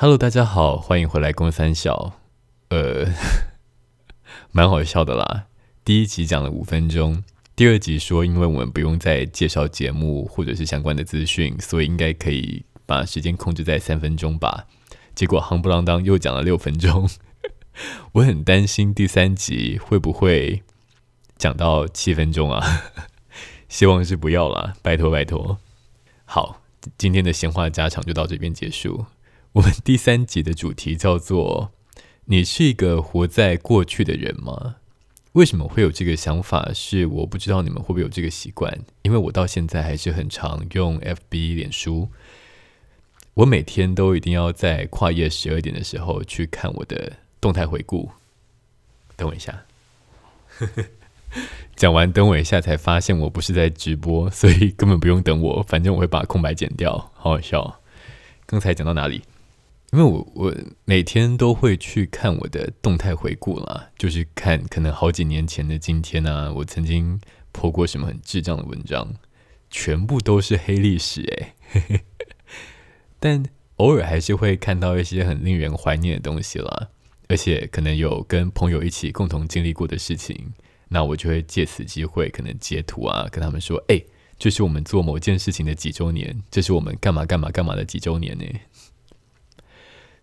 Hello，大家好，歡迎回來《公三笑》。呃，蠻好笑的啦。第一集講了五分鐘，第二集說因為我們不用再介紹節目或者是相關的資訊，所以應該可以把時間控制在三分鐘吧。結果夯不啷噹，噹又講了六分鐘，我很擔心第三集會不會講到七分鐘啊？希望是不要啦。拜托拜托。好，今天的閒話家常就到這邊結束。我們第三集的主題叫做“你是一個活在過去的人嗎？”為什麼會有這個想法？是我不知道你們會不會有這個習慣，因為我到現在還是很常用 FB 臉書，我每天都一定要在跨越十二點的時候去看我的動態回顧。等我一下， 講完等我一下才發現我不是在直播，所以根本不用等我，反正我會把空白剪掉，好好笑。剛才講到哪裡？因為我我每天都會去看我的動態回顧啦。就是看可能好幾年前的今天啊，我曾經 PO 過什麼很智障的文章，全部都是黑歷史嘿 但偶爾還是會看到一些很令人懷念的東西啦，而且可能有跟朋友一起共同經歷過的事情，那我就會借此機會可能截圖啊，跟他們說，哎、欸，這是我們做某件事情的幾周年，這是我們幹嘛幹嘛幹嘛的幾周年呢。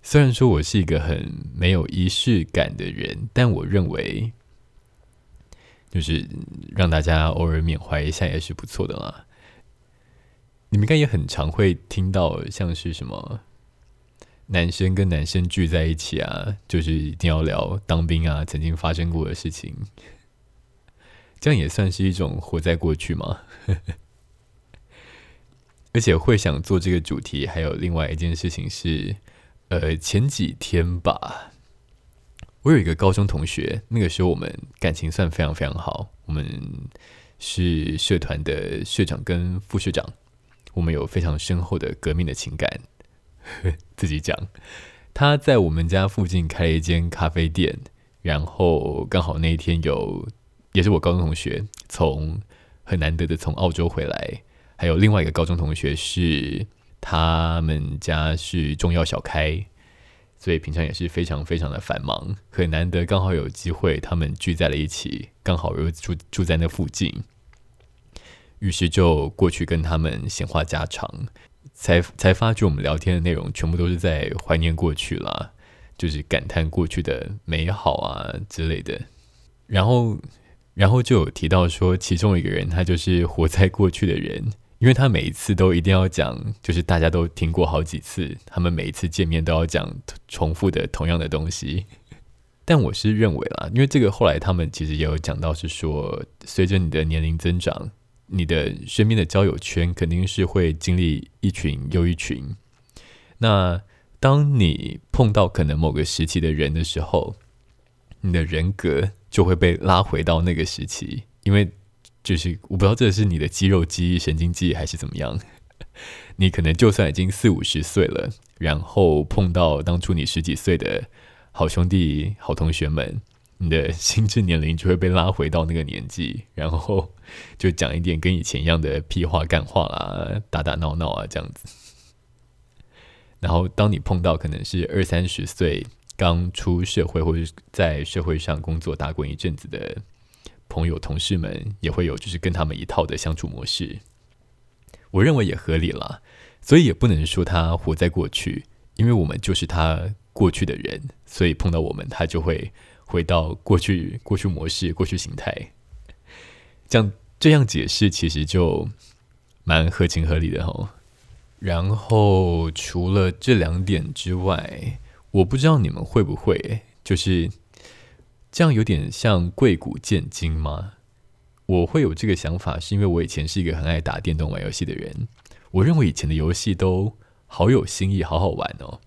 雖然說我是一個很沒有儀式感的人，但我認為，就是讓大家偶爾緬懷一下也是不錯的嘛。你們應該也很常會聽到，像是什麼男生跟男生聚在一起啊，就是一定要聊當兵啊，曾經發生過的事情，這樣也算是一種活在過去嗎？ 而且會想做這個主題，還有另外一件事情是。呃，前幾天吧，我有一個高中同學，那個時候我們感情算非常非常好，我們是社團的社長跟副社長，我們有非常深厚的革命的情感。呵，自己講，他在我們家附近開了一間咖啡店，然後剛好那一天有，也是我高中同學，從很難得的從澳洲回來，還有另外一個高中同學是。他們家是中藥小開，所以平常也是非常非常的繁忙，很難得剛好有機會，他們聚在了一起，剛好又住住在那附近，於是就過去跟他們閒話家常，才才發覺我們聊天的內容全部都是在懷念過去啦，就是感嘆過去的美好啊之類的，然後然後就有提到說，其中一個人他就是活在過去的人。因為他每一次都一定要講，就是大家都聽過好幾次，他們每一次見面都要講重複的同樣的東西。但我是認為啦，因為這個後來他們其實也有講到，是說隨着你的年齡增長，你的身邊的交友圈肯定是會經歷一群又一群。那當你碰到可能某個時期的人的時候，你的人格就會被拉回到那個時期，因為。就是我不知道這是你的肌肉記憶、神經記憶還是怎麼樣，你可能就算已經四五十歲了，然後碰到當初你十幾歲的好兄弟、好同學們，你的心智年齡就會被拉回到那個年紀，然後就講一點跟以前一樣的屁話、幹話啦，打打鬧鬧啊這樣子。然後當你碰到可能是二三十歲剛出社會或者在社會上工作打滾一陣子的。朋友、同事們也會有，就是跟他們一套的相處模式，我認為也合理了，所以也不能說他活在過去，因為我們就是他過去的人，所以碰到我們，他就會回到過去、過去模式、過去形態。這樣這樣解釋其實就蠻合情合理的哈、哦。然後除了這兩點之外，我不知道你們會不會就是。這樣有點像貴古賤今嗎？我會有這個想法，是因為我以前是一個很愛打電動、玩遊戲的人。我認為以前的遊戲都好有新意，好好玩哦。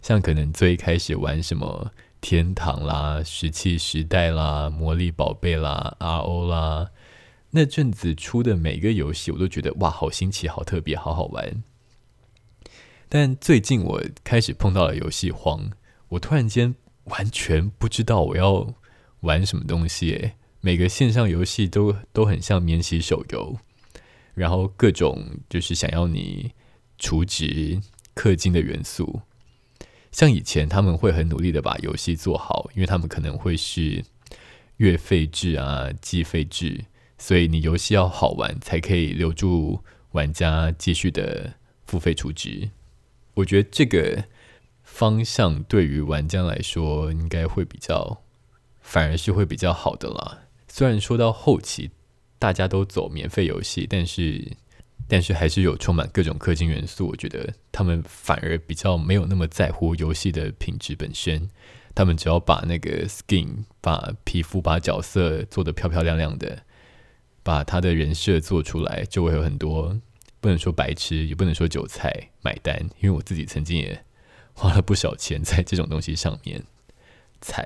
像可能最開始玩什麼天堂啦、石器時代啦、魔力寶貝啦、RO 啦，那陣子出的每個遊戲，我都覺得哇，好新奇，好特別，好好玩。但最近我開始碰到了遊戲荒，我突然間完全不知道我要。玩什麼東西？每個線上遊戲都都很像免洗手遊，然後各種就是想要你充值氪金的元素。像以前他們會很努力的把遊戲做好，因為他們可能會是月費制啊、季費制，所以你遊戲要好玩才可以留住玩家繼續的付費充值。我覺得這個方向對於玩家來說應該會比較。反而是會比較好的啦。雖然說到後期，大家都走免費遊戲，但是，但是還是有充滿各種氪金元素。我覺得他們反而比較沒有那麼在乎遊戲的品質本身。他們只要把那個 skin、把皮膚、把角色做得漂漂亮亮的，把他的人設做出來，就會有很多不能說白痴，也不能說韭菜買單。因為我自己曾經也花了不少錢在這種東西上面，慘。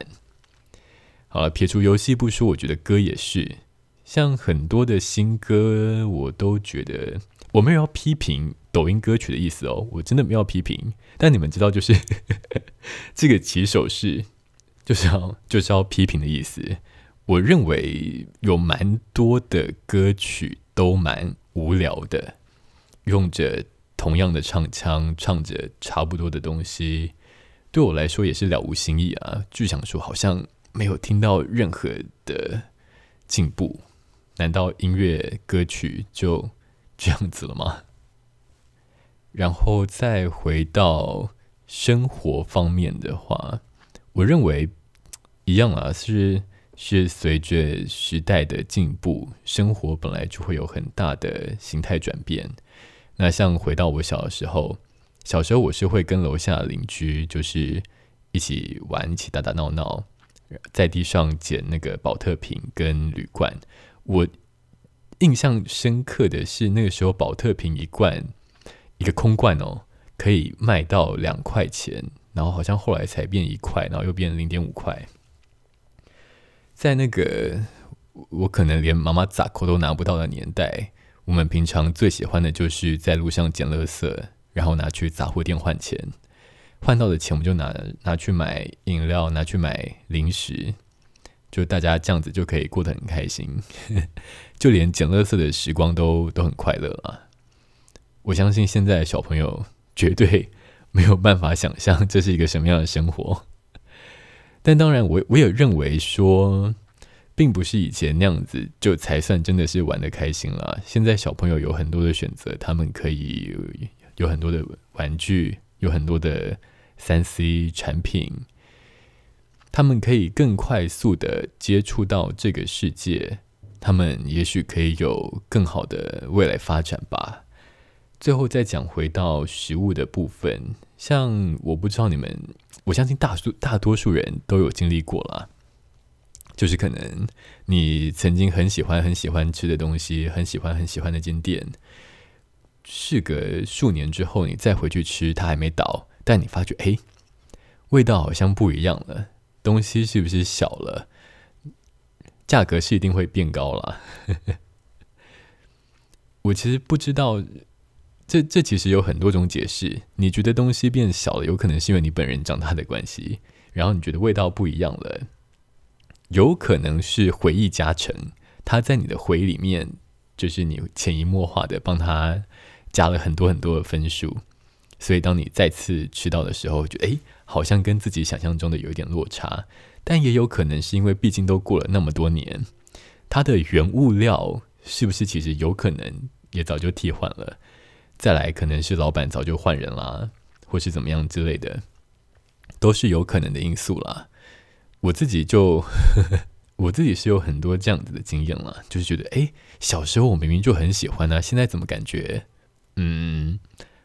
好了，撇除遊戲不說，我覺得歌也是。像很多的新歌，我都覺得我沒有要批評抖音歌曲的意思哦，我真的沒有要批評。但你們知道，就是呵呵這個起手式就是要就是要批評的意思。我認為有蠻多的歌曲都蠻無聊的，用着同樣的唱腔，唱着差不多的東西，對我來說也是了無新意啊。就想說，好像。沒有聽到任何的進步，難道音樂歌曲就這樣子了嗎？然後再回到生活方面的話，我認為一樣啊，是是隨着時代的進步，生活本來就會有很大的形態轉變。那像回到我小的時候，小時候我是會跟樓下鄰居就是一起玩，一起打打鬧鬧。在地上撿那個寶特瓶跟鋁罐，我印象深刻的是，那個時候寶特瓶一罐一個空罐哦，可以賣到兩塊錢，然後好像後來才變一塊，然後又變零點五塊。在那個我可能連媽媽雜褲都拿不到的年代，我們平常最喜歡的就是在路上撿垃圾，然後拿去雜貨店換錢。換到的錢，我們就拿拿去買飲料，拿去買零食，就大家這樣子就可以過得很開心， 就連撿樂色的時光都都很快樂啊！我相信現在的小朋友絕對沒有辦法想象這是一個什麼樣的生活， 但當然我，我我也認為說，並不是以前那樣子就才算真的是玩得開心了。現在小朋友有很多的選擇，他們可以有，有很多的玩具。有很多的三 C 產品，他們可以更快速地接觸到這個世界，他們也許可以有更好的未來發展吧。最後再講回到食物的部分，像我不知道你們，我相信大數大多數人都有經歷過啦，就是可能你曾經很喜歡很喜歡吃的東西，很喜歡很喜歡那間店。事隔數年之後，你再回去吃，它還沒倒，但你發覺，嘿，味道好像不一樣了，東西是不是小了？價格是一定會變高了。 我其實不知道，這這其實有很多種解釋。你覺得東西變小了，有可能是因為你本人長大的關係，然後你覺得味道不一樣了，有可能是回憶加成，它在你的回憶裡面，就是你潛移默化的幫他。加了很多很多的分數，所以當你再次吃到的時候，就哎，好像跟自己想象中的有一點落差。但也有可能是因為，畢竟都過了那麼多年，它的原物料是不是其實有可能也早就替換了？再來，可能是老闆早就換人啦，或是怎麼樣之類的，都是有可能的因素啦。我自己就呵呵，我自己是有很多這樣子的經驗啦，就是覺得哎，小時候我明明就很喜歡啊，現在怎麼感覺？嗯，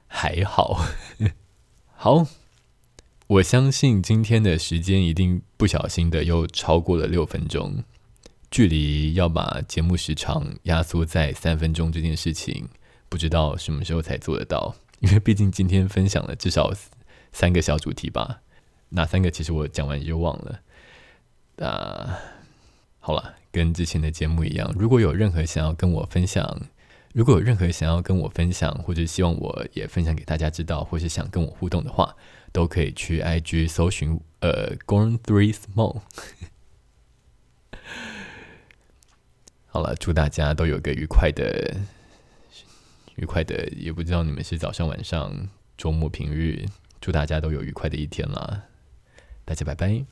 還好， 好，我相信今天的時間一定不小心的又超過了六分鐘。距離要把節目時長壓縮在三分鐘這件事情，不知道什麼時候才做得到。因為畢竟今天分享了至少三個小主題吧，哪三個？其實我講完就忘了。啊、呃，好了，跟之前的節目一樣，如果有任何想要跟我分享。如果有任何想要跟我分享，或者希望我也分享給大家知道，或是想跟我互動的話，都可以去 IG 搜尋呃 Gorn three small。 好了，祝大家都有個愉快的、愉快的，也不知道你們是早上、晚上、週末、平日，祝大家都有愉快的一天啦！大家拜拜。